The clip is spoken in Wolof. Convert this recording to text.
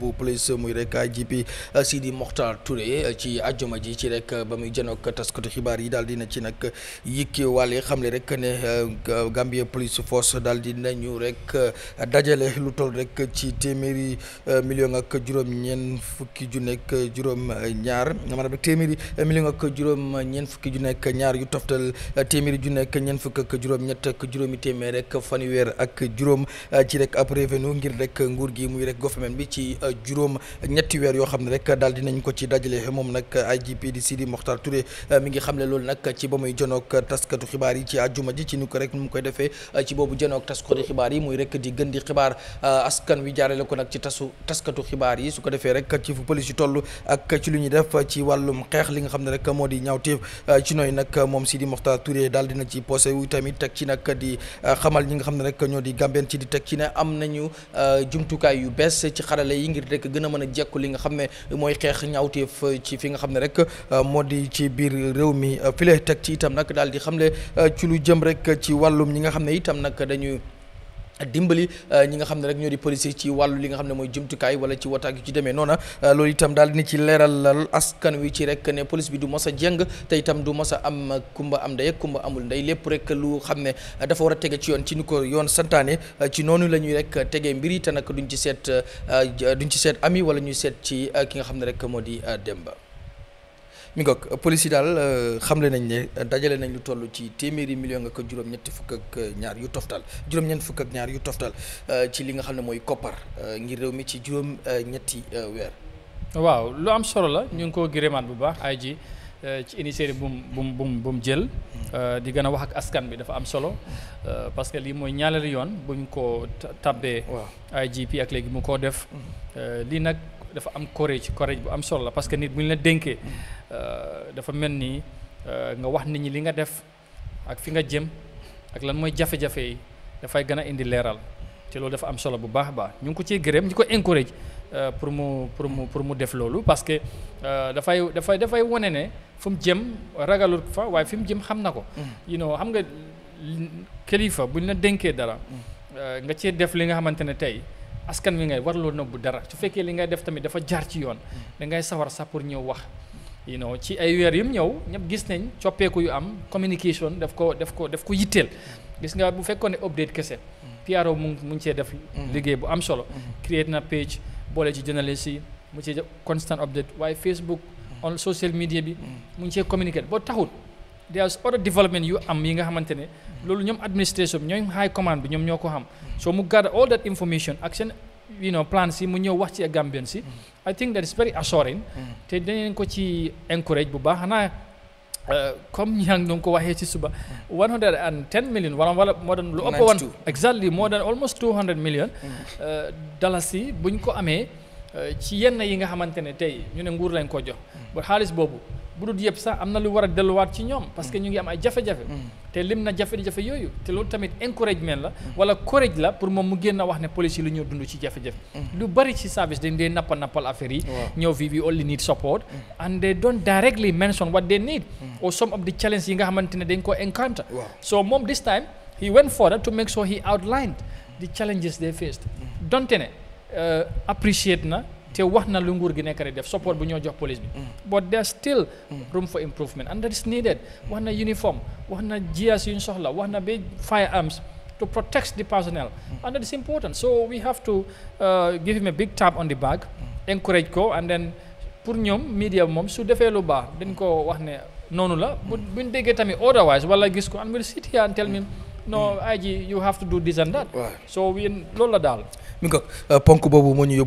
bu police muy rek jibi eh, Sidi Mokhtar Touré eh, ci àjjuma ji ci rek eh, ba muy jënoog taskatu xibaar yi daal dina ci nag yikki wàlle xamle rek ne Gambia police force daal di nañu rek dajale lu toll rek ci téeméeri million ak juróom-ñeent fukki ju nekk juróom-ñaar maanaam rek téeméeri million ak juróom-ñeent fukki junne ak ñaar yu toftal téeméeri ju nekk ñeen fukk ak juróom-ñett ak juróomi téeméer rek fanweer ak juróom ci rekk ab revenu ngir rek nguur gi muy rek gouvernement bi ci. juróom ñetti weer yoo xam ne rek daal dinañ ko ci dajale moom nag IGP di Sidi Mokhtar Touré eh, mi ngi xam ne loolu nag ci ba muy janook taskatu xibaar yi ci àjjuma ji ci ni ko rek nu mu koy defee eh, ci boobu janook taskatu xibaar yi muy rek di gën di xibaar eh, askan wi jaarale ko nag ci tasu taskatu xibaar yi su ko defee rek ci fu police yi toll ak ci lu ñuy def ci wàllum xeex li nga xam ne rek moo di ñaawteef ci nooy nag moom Sidi Mokhtar Touré daal dina ci posé wu tamit teg ci nag di xamal ñi nga xam ne rek ñoo di gambeen ci di teg ci ne am nañu jumtukaay yu bees ngir rek gëna mëna jekku li nga xamné moy xex ñawteef ci fi nga xamné rek euh, modi ci bir réew mi euh, filé tek ci itam nak daldi xamlé euh, ci lu jëm rek ci walum ñi nga xamné itam nak dañuy dimbali euh, ñi nga xam ne rek ñoo di policier ci wàllu li nga xam ne mooy jumtukaay wala ci wataak yu ci demee noona euh, loolu itam daal ni ci leeralal askan wi ci rek ne police bi du mos a jeng te itam du mos a am kumba am ndey ak kumba amul ndey lépp rek lu xam ne dafa war a tege ci yoon ci ni ko yoon santaane euh, ci noonu la ñuy rek tegee yi te nag duñ ci seet duñ ci seet ami wala ñuy seet ci ki nga xam ne rek moo di Demba mi ngoog police yi daal euh, xamle nañ ne dajale nañ lu toll ci téeméeri million nga ko juróom-ñetti fukk ak euh, ñaar yu toftal fukk ak ñaar yu euh, ci li nga xam ne mooy koppar ngir réew mi ci juróom-ñetti weer. waaw lu am solo la ñu ngi ko gërëmaat bu baax ay ji ci initiative bu mu bu mu bu mu jël hmm. di gën a wax ak askan bi dafa am solo hmm. parce que lii mooy ñaareel yoon buñ ko tabbee. waaw IGP ak léegi mu koo def. Hmm. lii nag dafa am courage courage bu am solo la parce que nit bu ñu la dénkee mm. euh, dafa mel ni euh, nga wax nit ñi li nga def ak fi nga jëm ak lan mooy jafe-jafe yi dafay gën a indi leeral te loolu dafa am solo bu baax a baax ñu ngi ko ciy gërëm ñu ko encourage euh, pour mu pour mu pour mu def loolu parce que dafay dafay dafay wone ne fu mu jëm ragalul fa waaye fi mu jëm xam na ko. Mm. you xam nga kilifa bu ñu la dénkee dara. Mm. nga cee def li nga xamante ne tey. askan wi ngay warlo no bu dara su fekke li ngay def tamit dafa jar ci yoon da ngay sawar sa pour ñew wax you know ci ay wër yim ñew ñep gis nañ ciopeku yu am communication def ko def ko def ko yittel gis nga bu fekkone update kesse piaro mu mu ci def liggey bu am solo create na page bolé ci journalist yi mu ci constant update way facebook on social media bi mu ci communicate bo taxut there's other development yu am yi nga xamante ne loolu ñoom administration bi ñoom high command bi ñoom ñoo ko xam so mu gather all that information ak seen plan si mu ñëw wax ci Gambian si I think that is very assuring te danañ ko ci encourage bu baax xanaa uh, comme ñaa ngi doon ko waxee ci suba one hundred ten million wala wala moo doon lu ëpp woon exactly moo doon almost two hundred million uh, buñ ko amee uh, ci yenn yi nga xamante ne tey ñu ne nguur lañ ko jox ba xaalis boobu bu dul yëpp sax am na lu war delluwaat ci ñoom parce que mm. ñu ngi am ay jafe-jafe mm. te lim na jafe-jafe yooyu te loolu tamit encouragement la mm. wala courage la pour moom mu génn wax ne police yi lu ñoo dund ci jafe-jafe lu bari ci service dañ dee nappa nappal affaire yi ñëw fii we only need support and they don't directly mention what they need or some of the challenges yi nga xamante ne dañ ko encounter so moom this time he went further to make sure he outlined the challenges they faced donte ne euh, appreciate na te wax na lu nguur gi nekk rek def support bu ñoo jox police bi. Mm. but there's still mm. room for improvement and that is needed wax na uniform wax na GS yu ñu soxla wax na ba firearms to protect the personnel. Mm. and that is important so we have to uh, give him a big tap on the back. encourage ko and then pour ñoom media moom su defee lu baax dañ ko wax ne noonu la bu buñ déggee tamit otherwise wala gis ko and we'll sit here and tell me no IG you have to do so we loolu la daal mi uh,